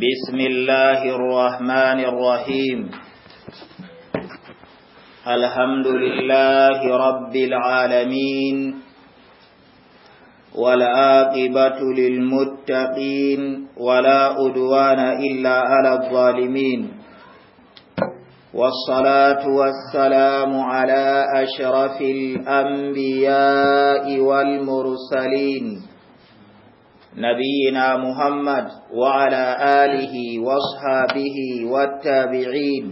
بسم الله الرحمن الرحيم الحمد لله رب العالمين والعاقبة للمتقين ولا أدوان إلا على الظالمين والصلاة والسلام على أشرف الأنبياء والمرسلين نبينا محمد وعلى آله واصحابه والتابعين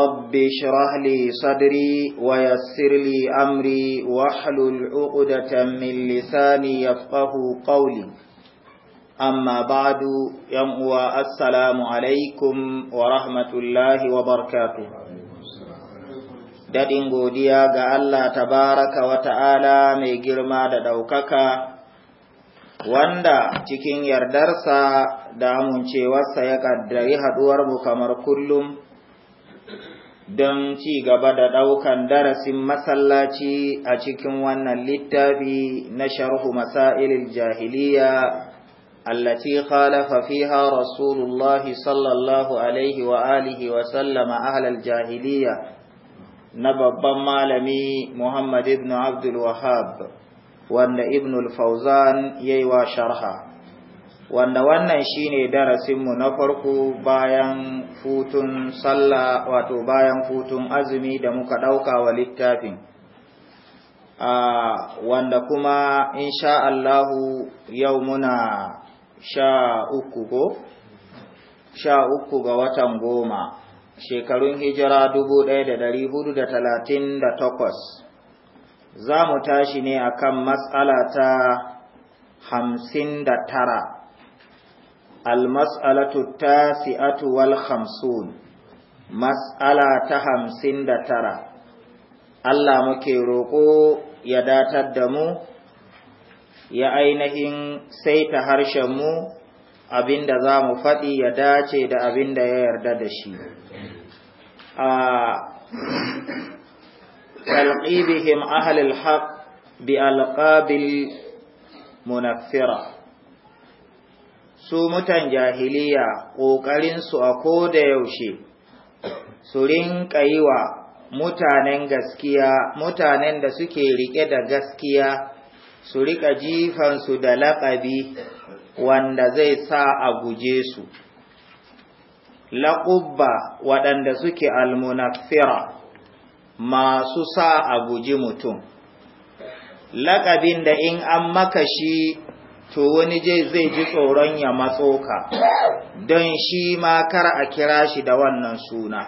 رب اشرح لي صدري ويسر لي أمري واحلل عقدة من لساني يفقه قولي أما بعد يمؤى السلام عليكم ورحمة الله وبركاته daɗin godiya ga Allah tabaraka wa ta'ala mai girma da ɗaukaka wanda cikin yardarsa da amincewarsa ya ƙaddari haɗuwarmu kamar kullum don ci gaba da ɗaukan darasin masallaci a cikin wannan littafi na sharhu masailin jahiliya allati khalafa fiha rasulullah sallallahu alaihi wa alihi wa sallama ahlal jahiliya na babban malami muhammad ibn abdul wahab wanda ibn al-fauzan yayi wa sharha wanda wannan shine darasin mu na farko bayan futun sallah wato bayan futun azumi da muka ɗauka wa littafin wanda kuma insha Allahu yau muna sha uku go sha uku ga watan goma shekarun hijira dubu ɗaya da ɗari da talatin da takwas za mu tashi ne a kan matsala ta hamsin da tara almas'alatu tasi'atu wal hamsin, matsala ta hamsin da tara Allah muke roƙo ya datar da mu ya ainihin sai saita harshenmu abin da za mu faɗi ya dace da abin da ya yarda da shi. Ah, talqibihim ahlil haq bi alqabil munaffira su mutan jahiliya ƙoƙarinsu a koda yaushe su rinƙa yi wa mutanen gaskiya mutanen da suke rike da gaskiya su riƙa jifansu da laƙabi wanda zai sa a guje su laƙubba waɗanda suke almunafira masu sa a guji mutum laƙabin da in an maka shi to wani zai ji tsoron ya matso ka don shi ma kar a kira shi da wannan suna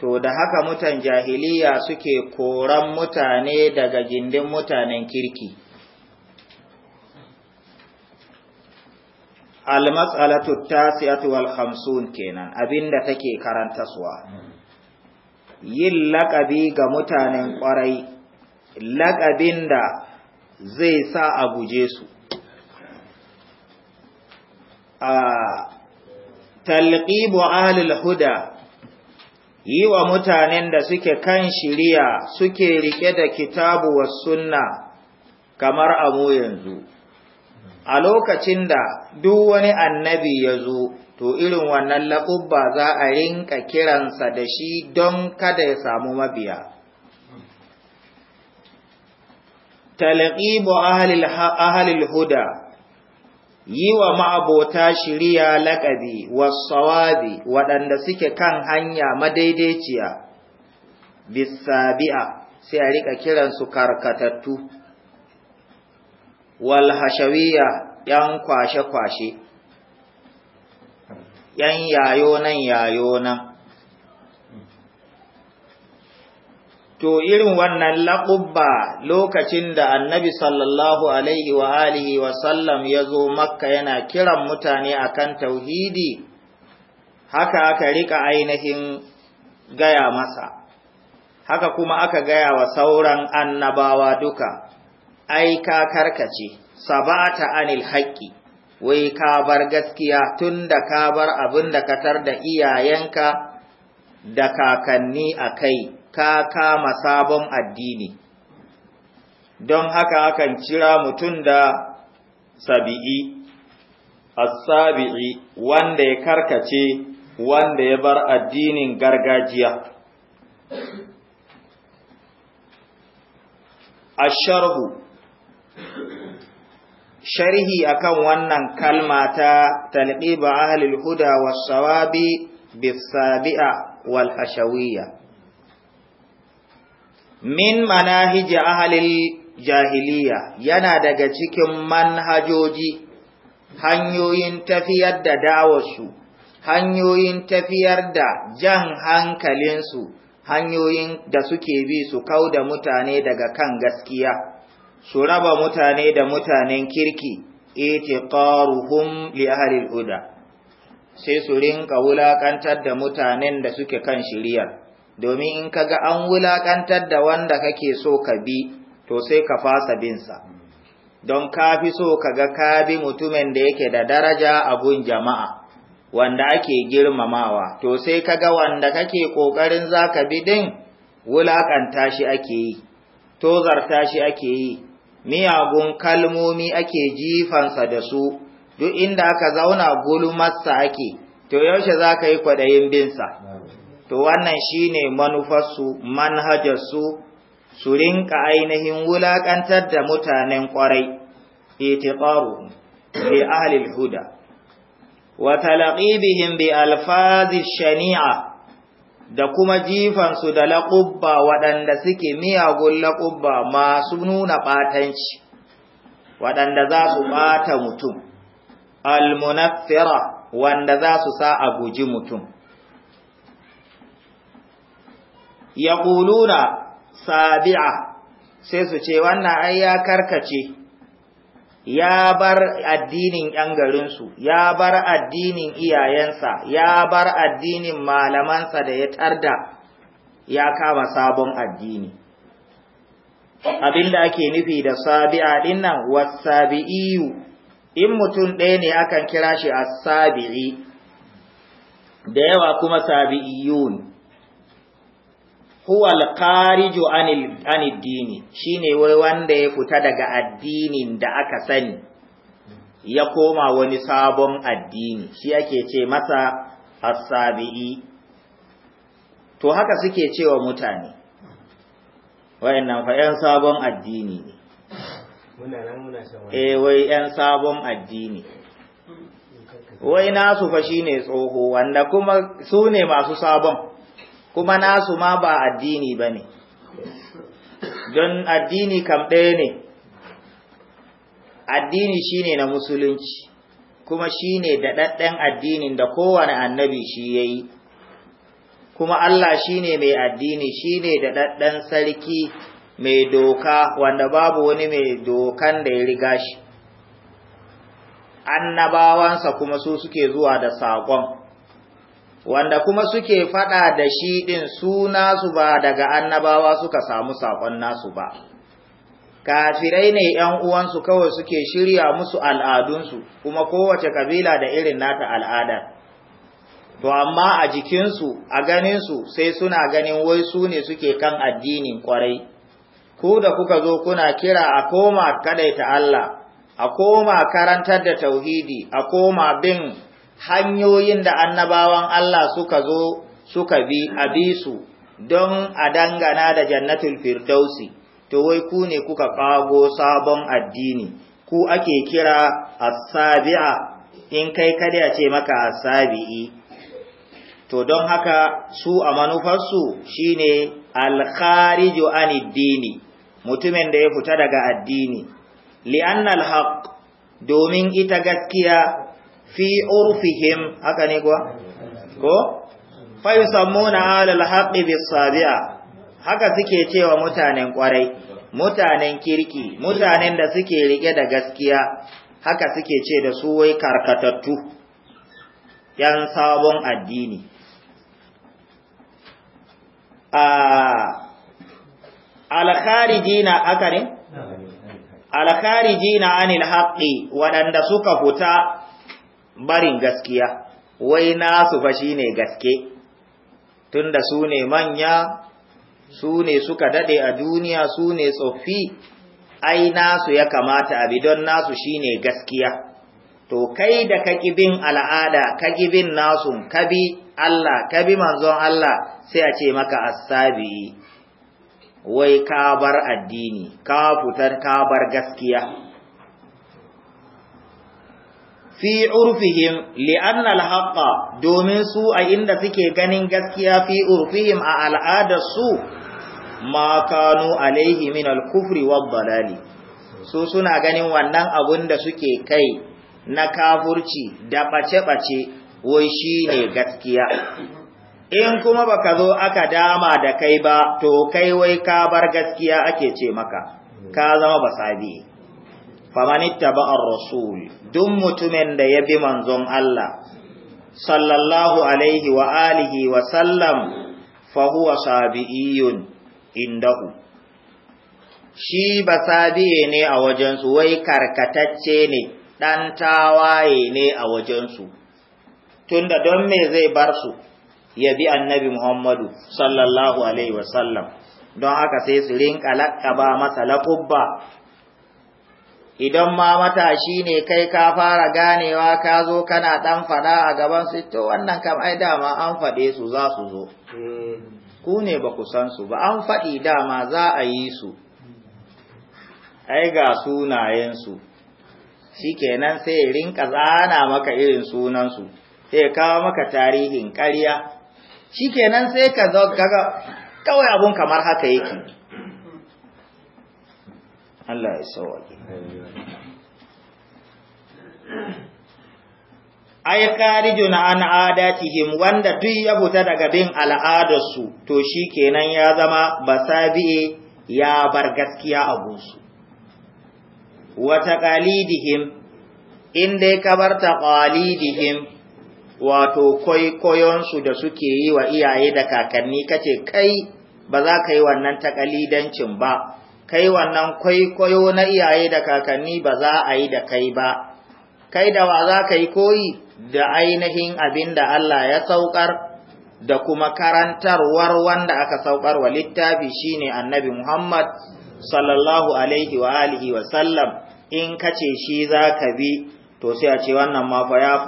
to da haka mutan jahiliya suke koran mutane daga gindin mutanen kirki almas'alatu tasiatu wal khamsun kenan abinda take karantaswa yin laƙabi ga mutanen ƙwarai laƙabin da zai sa a guje su a talqibu ahlul huda yi wa mutanen da suke kan shiriya suke rike da kitabu wa sunna kamar amu yanzu a lokacin da duk wani annabi ya zo to irin wannan laƙubba za a rinka kiransa da shi don kada ya samu mabiya. Talaƙibu ahalil huda yi wa ma'abota shiriya laƙabi wasawabi waɗanda suke kan hanya madaidaiciya bisabi'a sai a rika kiransu karkatattu wal ‘yan kwashe-kwashe’ yan yayo nan yayo nan to irin wannan laƙubba lokacin da annabi sallallahu alaihi wa alihi wa sallam ya zo makka yana kiran mutane akan tauhidi haka aka rika ainihin gaya masa haka kuma aka gaya wa sauran annabawa duka ai ka karkace sabata anil haqqi wai ka bar gaskiya tun da ka bar abin da ka tar da iyayenka da kakanni a kai ka kama sabon addini don haka akan cira mutum da sabi'i as-sabi'i wanda ya karkace wanda ya bar addinin gargajiya asharhu sharhi akan wannan kalma ta talqiba al huda was sawabi bis sabi'a wal hashawiyya min manahij al jahiliya yana daga cikin manhajoji hanyoyin tafiyar da dawarsu hanyoyin tafiyar da jan hankalinsu hanyoyin da suke bi su kauda mutane daga kan gaskiya su raba mutane da mutanen kirki itiqaruhum li ahli al-huda sai su rinka wulaƙantar da mutanen da suke kan shiriyar domin in ka ga an wulaƙantar da wanda kake so ka bi to sai ka fasa bin sa don ka fi so kaga ka bi mutumin da yake da daraja a abun jama'a wanda ake girmamawa to sai kaga wanda kake kokarin zaka bi din wulaƙanta shi ake yi zarta shi ake yi miyagun kalmomi ake jifansa da su duk inda aka zauna gulmarsa ake to yaushe za ka yi kwaɗayin binsa to wannan shine manufarsu manhajarsu su rinka ainihin wulaƙantar da mutanen ƙwarai itiqaru bi ahlil huda wa talaqibihim bi alfazi shani'a da kuma jifan su da laƙubba waɗanda suke miyagun laƙubba masu nuna ɓatanci, waɗanda za su ɓata mutum, almunaffira wanda za su sa a guji mutum. Ya sabi'a sai su ce wannan ai ya karkace, ya bar addinin ‘yan garinsu, ya bar addinin iyayensa, ya bar addinin malamansa da ya tarda ya kama sabon addini. abinda ake nufi da sabi'a dinnan wasabi'iyu, in mutum ɗaya ne akan kira shi a sabi'i, da yawa kuma sabi'iyun. huwa alqariju anil anid dini shine wai wanda ya fita daga addinin da aka sani ya koma wani sabon addini shi ake ce masa as-sabi'i to haka suke cewa mutane wayannan fa yan sabon addini ne muna nan muna eh wai yan sabon addini wai nasu fa shine tsoho wanda kuma su ne masu sabon kuma nasu ma ba addini ba ne don addini kam ɗaya ne addini shine na musulunci kuma shine daɗaɗɗen addinin da kowane annabi shi ya yi kuma Allah shine mai addini shine daɗaɗɗen sarki mai doka wanda babu wani mai dokan da ya riga shi annabawansa kuma su suke zuwa da saƙon wanda kuma suke faɗa da shi ɗin su nasu ba daga annabawa suka samu saƙon nasu ba kafirai ne ‘yan uwansu kawai suke shirya musu al'adunsu kuma kowace kabila da irin nata al'adar to amma a jikinsu a ganinsu sai suna ganin wai su ne suke kan addinin kwarai ku da kuka zo kuna kira a koma kadaita Allah a koma karantar da tauhidi a koma bin hanyoyin da annabawan Allah suka zo suka bi a bi don a dangana da jannatul firdausi to wai ku ne kuka kago sabon addini ku ake kira asabi'a in kai kada ce maka asabi'i to don haka su a manufarsu shine alkhariju aniddini mutumin da ya fita daga addini li'annal haqq domin ita gaskiya fi urfihim haka ne kuwa ko fa yusammuna ala alhaqi bis sabi'a haka suke cewa mutanen kwarai mutanen kirki mutanen da suke rike da gaskiya haka suke ce da su wai karkatattu yan sabon addini a alkharijina haka ne alkharijina anil haqqi waɗanda suka huta. barin gaskiya wai nasu fa shine gaske tunda su ne manya su ne suka dade a duniya su ne tsoffi ai nasu ya kamata bi don nasu shine gaskiya to kai da ka bin al'ada ka bin nasu ka bi Allah ka bi manzon Allah sai a ce maka asabi wai ka bar addini ka fitar ka bar gaskiya fi urfihim li'anna al-haqqa domin su a inda suke ganin gaskiya fi urfihim a al'adar su ma kanu alaihi min al-kufri dalali su suna ganin wannan abun da suke kai na kafurci da bace-bace wai shine gaskiya in kuma baka zo aka dama da kai ba to kai wai ka bar gaskiya ake ce maka ka zama basabi famanitta ba'ar rasul duk mutumin da ya bi manzon Allah sallallahu alaihi wa alihi wa sallam fa huwa sabi'iyun indahu shi basabiye ne a wajensu wai karkatacce ne dan tawaye ne a wajensu tunda don me zai bar su ya bi annabi Muhammadu sallallahu alaihi wa sallam don haka sai su rinka ba masa lakubba idan ma matashi ne kai ka fara ganewa ka zo kana ɗan faɗa a gaban su to wannan kam ai dama an faɗe su za su zo eh. ku ne ba ku san su ba an faɗi dama za a yi su ai ga sunayensu shi kenan sai ya rinka zana maka irin sunansu sai kawo maka tarihin ƙarya Shikenan sai ka zo kaga kawai abun kamar haka yake Allah ya sauwaƙe ai karijuna an adatihim wanda duk ya fita daga bin al'adarsu to shi kenan ya zama basabi'e ya bar gaskiya a gunsu wata dai inda ya kabarta qalidihim wato su da suke yi wa iyaye da kakanni kace kai ba za ka yi wannan taƙalidancin ba kai wannan kwaikwayo na iyaye da kakanni ba za a yi da kai ba, kai da wa za ka yi koyi da ainihin abin da Allah ya saukar da kuma karantarwar wanda aka saukar wa littafi shine annabi Muhammad sallallahu alaihi wa alihi wa sallam in kace shi za ka bi to sai a ce wannan ma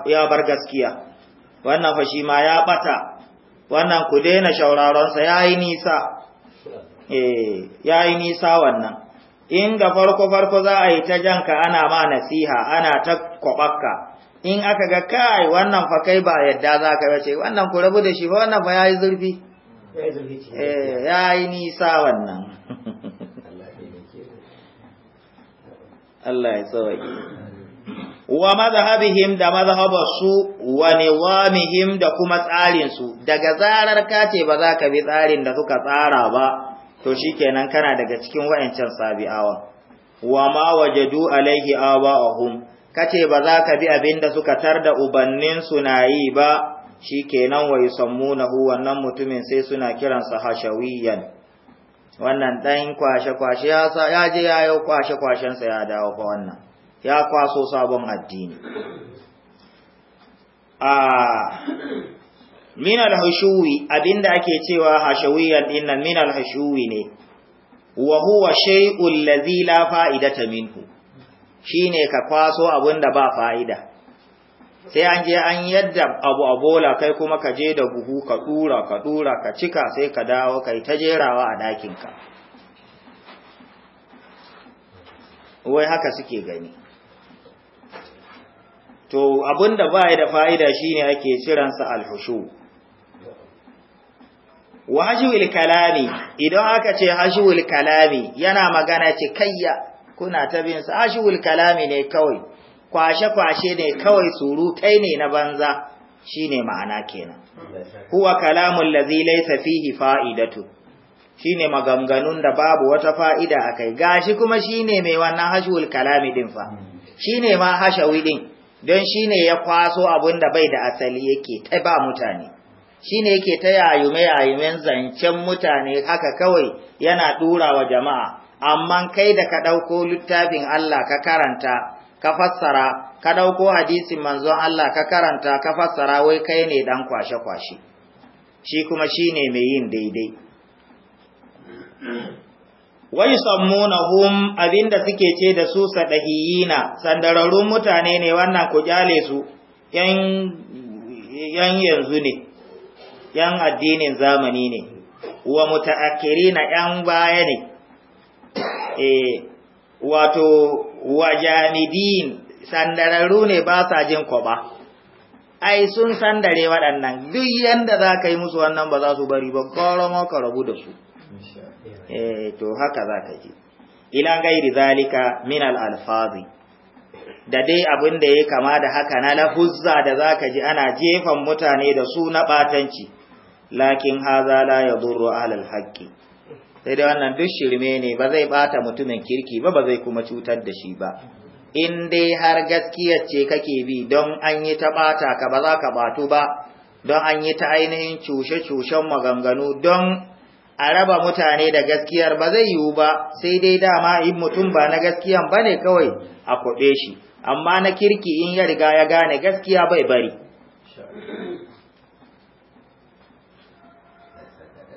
ya bar gaskiya wannan fa shi ma ya ɓata. wannan ku daina shauraron sa yi nisa ya eh, yayi nisa wannan in ga farko farko za a yi ta janka ana ma nasiha ana ta kwabakka in aka ga kai wannan fa kai ba yadda za ka ce wannan ku rabu da shi fa wannan fa yayi zurfi eh, ya yayi nisa wannan Allah ya tsawaki wa mazhabihim da mazhabarsu wa niwamihim da kuma tsarin su daga zarar ka ce ba za ka bi tsarin da suka tsara ba to shi kenan kana daga cikin wayancan sabi'awa wa ma wajadu alaihi aba'ahum kace ba za ka bi abin da suka tar da ubannin suna yi ba shikenan wa yusammunahu wannan mutumin sai suna kiransa hashawiyan wannan dan kwashe kwashe ya sa ya je yayo kwashe kwashen sa ya dawo fa wannan ya kwaso sabon addini a ah, min al-hushuwi abinda ake cewa hashawiyan dinnan min al-hushuwi ne wa huwa shay'ul ladhi la fa'idata minhu shine ka kwaso abinda ba fa'ida sai an je an yadda abu abola kai kuma ka je da buhu ka dura ka dura ka cika sai ka dawo kai ta jerawa a dakin ka wai haka suke gani to abinda ba ya da fa'ida shine ake ciransa alhushu. wa kalami idan aka ce hashwil kalami yana magana ce kayya kuna ta bin sa kalami ne kawai kwashe kwashe ne kawai surutai ne na banza shine ma'ana kenan huwa kalamul ladhi laysa fihi fa'idatu shine maganganun da babu wata fa'ida akai gashi kuma shine mai wannan hashwil kalami din fa shine ma hashawi din don shine ya kwaso abin da bai da asali yake ta ba mutane Shi ne yake ta yayume yayumen zancen mutane haka kawai yana dura wa jama'a amma kai da ka ɗauko littafin Allah ka karanta ka fassara ka ɗauko hadisin manzon Allah ka karanta ka fassara wai kai ne dan kwashe-kwashe shi kuma shine mai yin daidai wai abin abinda suke ce da su sadahiyina sandararrun mutane ne wannan ku kyale su yan yanzu ne yan addinin zamani ne wa na yan baya ne eh wato jamidin sandararru ne ba sa jin kwaba ai sun sandare waɗannan duk yanda za ka yi musu wannan ba za su bari ba ƙoromo ka rabu da su eh to haka za ka ji ila gairi zalika min al-alfazi da dai abin da ya kama da haka na lafuzza da za ka ji ana jefan mutane da su na ɓatanci lakin haza la ya zurro ahlal haƙƙi sai dai wannan duk shirme ne ba zai bata mutumin kirki ba ba zai kuma cutar da shi ba in dai har gaskiyar ce kake bi don an yi ta bata ka ba za ka batu ba don an yi ta ainihin cushe-cushen maganganu don a raba mutane da gaskiyar ba zai yiwu ba sai dai dama in mutum ba na gaskiyan ba ne kawai a kwaɓe shi amma na kirki in ya riga ya gane gaskiya bai bari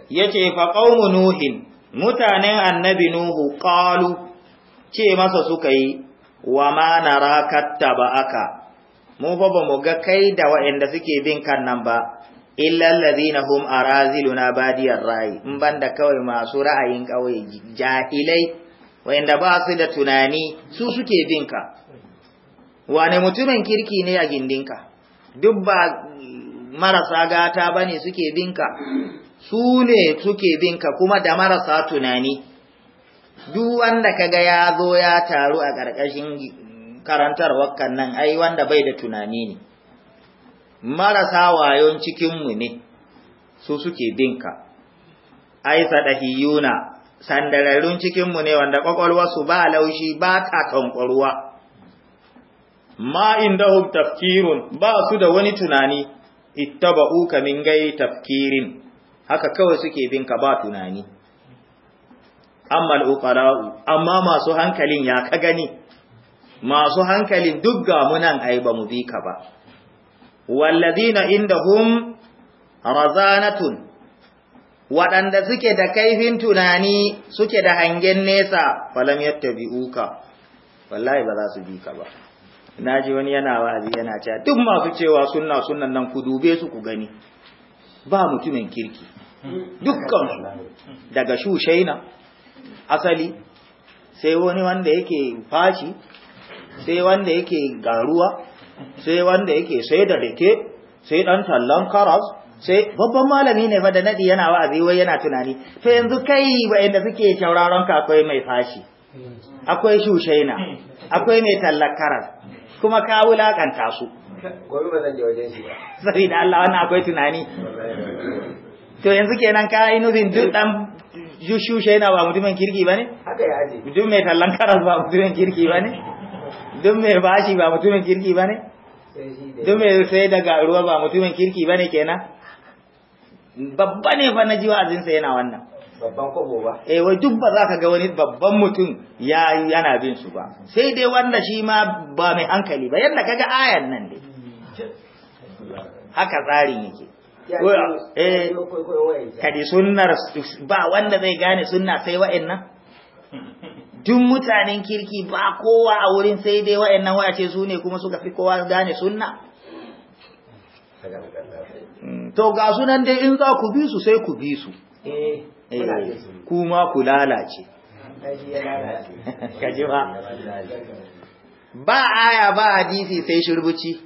yace fa qaumu nuhin mutanen annabi nuhu qalu ce masa suka yi wa ma naraka aka. mu fa ba mu ga kai da waɗanda suke bin kan nan ba illa na hum araziluna badiyar rai in banda kawai masu ra'ayin kawai jahilai waɗanda ba su da tunani su suke bin ka wane mutumin kirki ne a gindinka duk ba marasa gata bane suke binka su ne suke binka kuma da marasa tunani duk wanda kaga ya zo ya taru a ƙarƙashin karantar wakan nan ai wanda bai da tunani ne marasa wayon cikinmu ne su suke binka ai sadahiyuna sandararrun cikinmu ne wanda su ba laushi ba ta kankwarwa ma indahum tafkirun ba su da wani tunani ittaba'u min gai tafkirin haka kawai suke bin ka ba tunani amma al'uqara'u amma masu hankalin ya ka gani masu hankalin duk ga munan ai ba mu bi ka ba wallazina indahum razanatun waɗanda suke da kaifin tunani suke da hangen nesa falam yattabi'uka wallahi ba za su bi ka ba ji wani yana wazi yana cewa duk masu cewa sunna sunnan nan ku dube su ku gani ba mutumin kirki Dukkan daga shushaina asali sai wani wanda yake fashi sai wanda yake garuwa sai wanda yake sai da rike, sai dan tallan karas sai babban malami ne fa da nadi yana wa'azi wai yana tunani to yanzu kai wa'anda suke shauraron ka akwai mai fashi akwai shushaina akwai mai tallan karas kuma ka wulakanta su Ko ba zan je wajen shi ba da Allah wannan akwai tunani to yanzu kenan ka yi nufin duk dan eh. shushe yana ba mutumin kirki ba ne? haka ya duk mai tallan karas ba mutumin kirki ba ne? duk mai bashi ba mutumin kirki ba ne? duk mai sai daga ruwa ba mutumin kirki ba ne kenan? babba ne fa na ji wa'azinsa yana wannan babban kobo ba eh wai duk ba za ka ga wani babban mutum ya yana bin su ba sai dai wanda shi ma ba mai hankali ba yadda kaga ayan nan dai hmm. haka tsarin yake Eh, kadi sunnar ba wanda zai gane sunna sai wa'annan duk mutanen kirki ba kowa a wurin sai dai wa'annan wace ce su ne kuma suka fi kowa gane sunna mm, to ga sunan dai in za ku bi su sai ku bi su eh, eh, kuma ku lalace ba ba aya ba hadisi sai shirbuci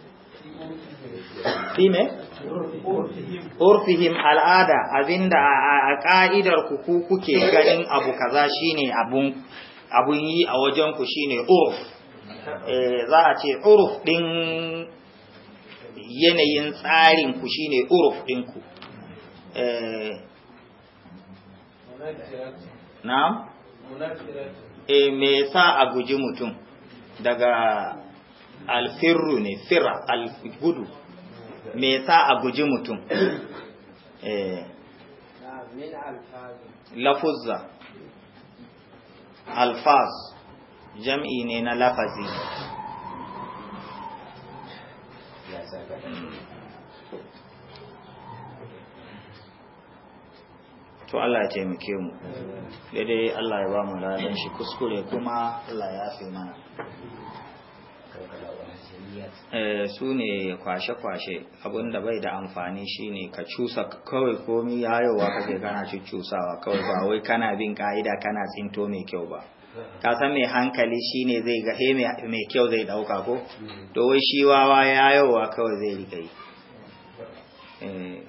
fi me? urfihim al'ada abinda a ka'idar ku ku kuke ganin abu kaza shine abun abun yi a wajen ku shine urf eh, za a ce urf ɗin yanayin tsarin ku shine urf din ku eh. Na? Eh, me sa a guji mutum daga alfirru ne fira alfudu me sa a guji mutum eh lafuzza alfaz jam'i ne na lafazi to Allah ya taimake mu daidai Allah ya ba mu ranar shi kuskure kuma Allah ya fi mana Eh, su ne kwashe-kwashe abinda bai da amfani shine ka cusa kawai komi yayowa kake kana cusawa kawai ba wai kana bin ka'ida kana tsinto mai kyau ba ka san mai hankali shine zai ga he eh, mai kyau zai dauka ko mm-hmm. to wai shi wawa yayowa kawai zai rika yi eh.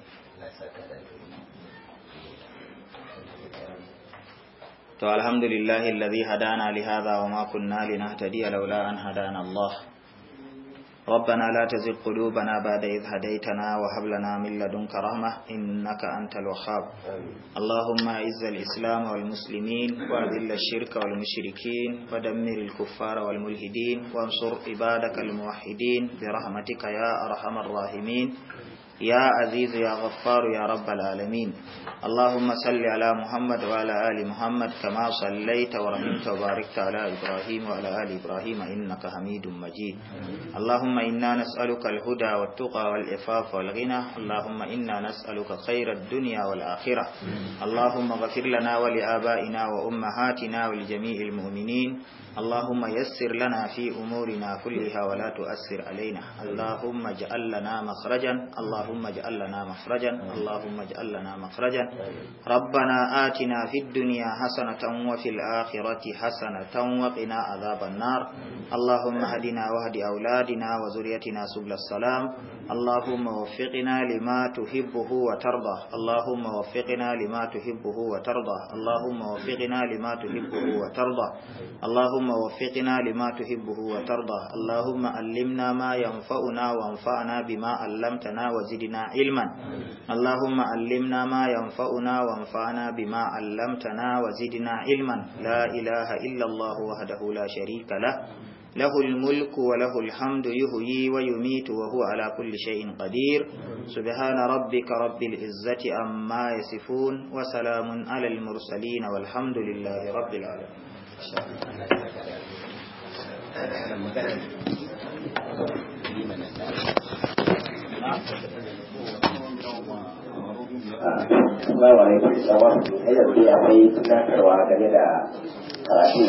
to alhamdulillahi alladhi hadana li hadha wa ma kunna linahtadiya laula an hadana Allah ربنا لا تزغ قلوبنا بعد إذ هديتنا وهب لنا من لدنك رحمة إنك أنت الوهاب اللهم أعز الإسلام والمسلمين وأذل الشرك والمشركين ودمر الكفار والملحدين وانصر عبادك الموحدين برحمتك يا أرحم الراحمين يا عزيز يا غفار يا رب العالمين اللهم صل على محمد وعلى آل محمد كما صليت ورحمت وباركت على إبراهيم وعلى آل إبراهيم إنك حميد مجيد اللهم إنا نسألك الهدى والتقى والعفاف والغنى اللهم إنا نسألك خير الدنيا والآخرة اللهم اغفر لنا ولآبائنا وأمهاتنا ولجميع المؤمنين اللهم يسر لنا في أمورنا كلها ولا تؤثر علينا اللهم اجعل لنا مخرجا اللهم اللهم اجعل لنا مخرجا اللهم اجعل لنا مخرجا ربنا آتنا في الدنيا حسنة وفي الآخرة حسنة وقنا عذاب النار اللهم هدنا وهد أولادنا وزريتنا سبل السلام اللهم وفقنا لما تحبه وترضى اللهم وفقنا لما تحبه وترضى اللهم وفقنا لما تحبه وترضى اللهم وفقنا لما تحبه وترضى اللهم علمنا ما ينفعنا وانفعنا بما علمتنا وزدنا علما اللهم علمنا ما ينفعنا وانفعنا بما علمتنا وزدنا علما لا إله إلا الله وحده لا شريك له له الملك وله الحمد يهيي ويميت وهو على كل شيء قدير سبحان ربك رب العزة عما يصفون وسلام على المرسلين والحمد لله رب العالمين bawa ne kuma الله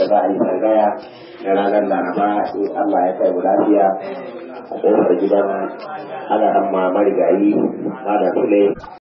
yadda na ranar laraba in Allah ya kai lafiya a ƙofar gidan ana dan ma marigayi malam Sule